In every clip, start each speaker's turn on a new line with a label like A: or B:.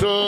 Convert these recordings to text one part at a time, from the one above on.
A: to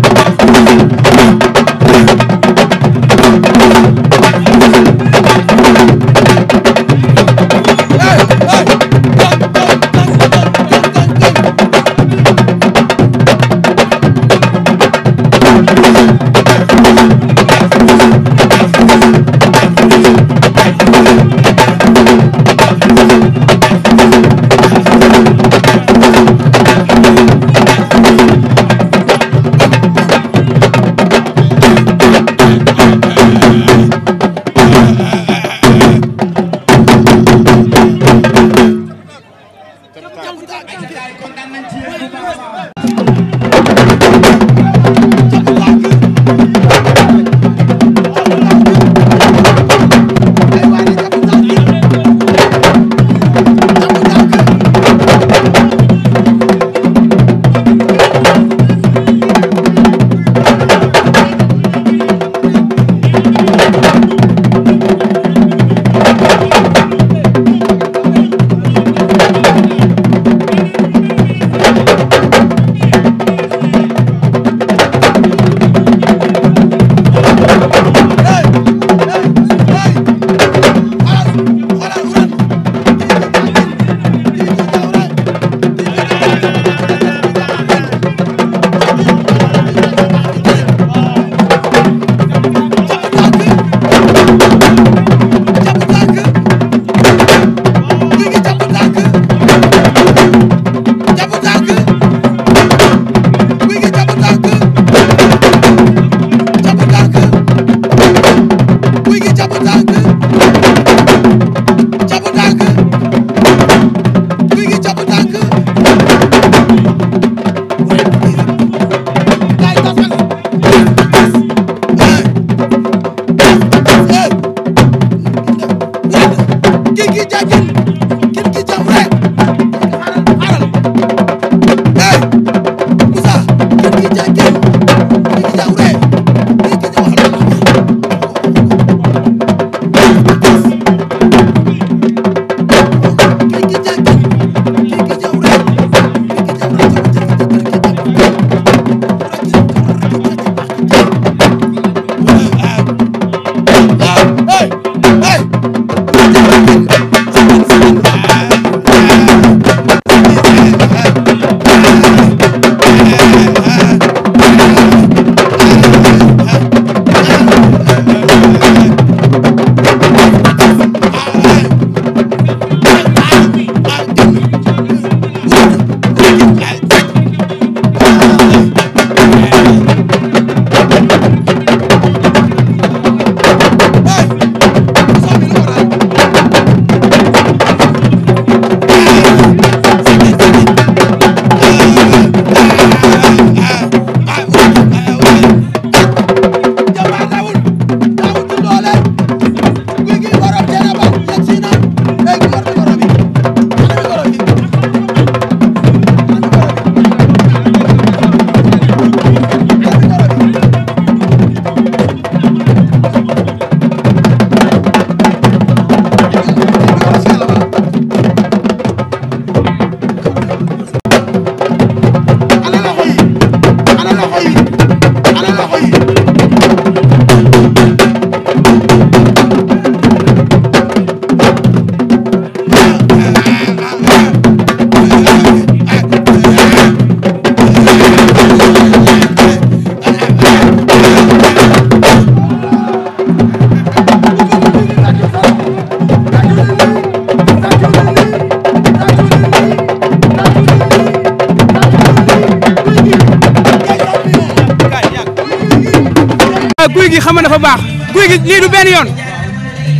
A: guy gi xam na dafa baax guy gi lii du benn yoon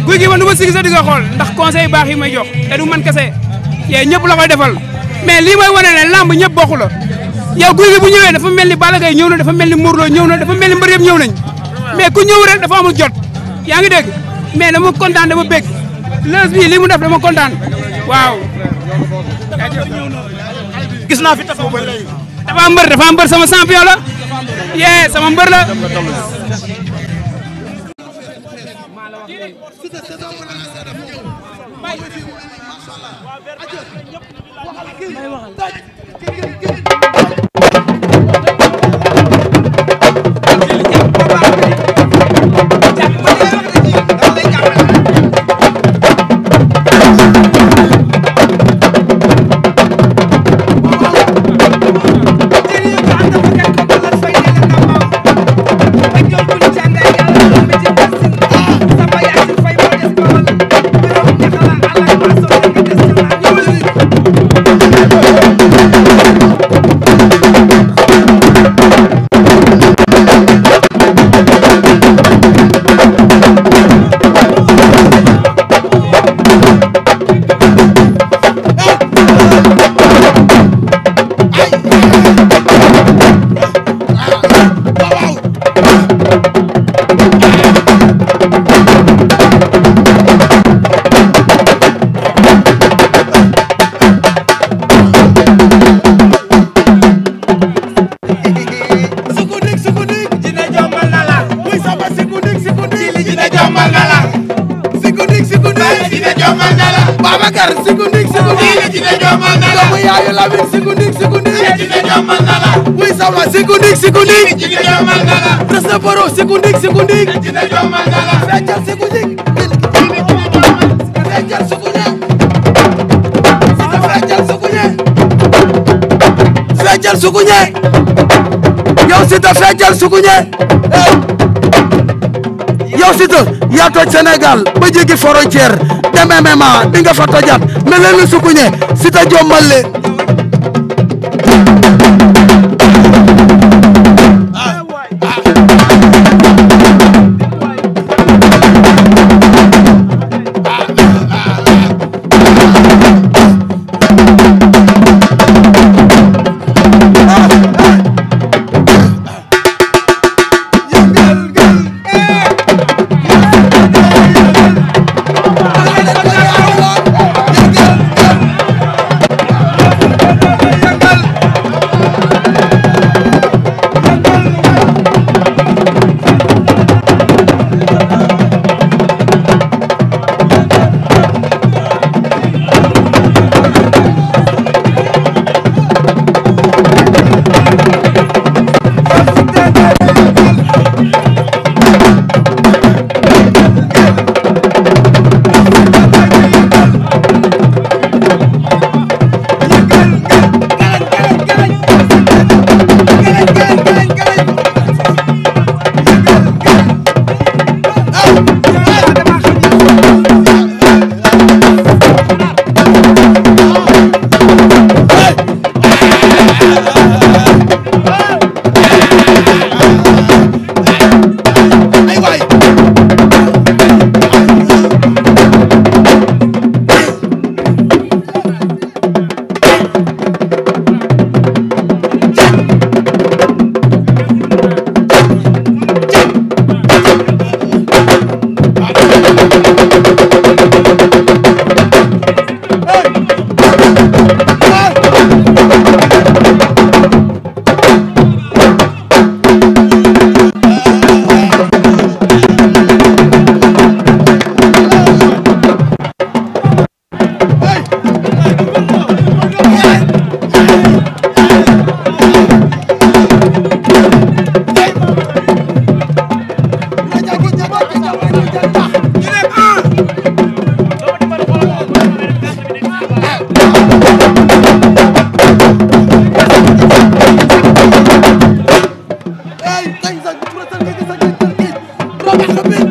A: guy gi man du ma sigi sa di nga xool ndax conseil baax yi may jox te du man kese yee ñëpp la koy defal mais lii mooy wane ne làmb ñëpp bokku la yow guy gi bu ñëwee dafa mel ni Balla Gaye ñëw na dafa mel ni Modou Lo ñëw na dafa mel ni mbër yëpp ñëw nañ mais ku ñëw rek dafa amul jot yaa ngi dégg mais dama kontaan dama bég leus bi lii mu def dama kontaan waaw gis naa fi tafa mbër dafa mbër dafa mbër sama champion la yee sama mbër la. may waxal Lamine sikundik sikundik. jigéen yombal na la. wuy sawla sikundik sikundik. jigéen yombal na la. des na boro sikundik sukuñe. feccal sukuñe. feccal yaa toj Sénégal ba jéggi frontière dem MMA fa tojaat mais leen sukuñe Siteu jombal thank you Amén.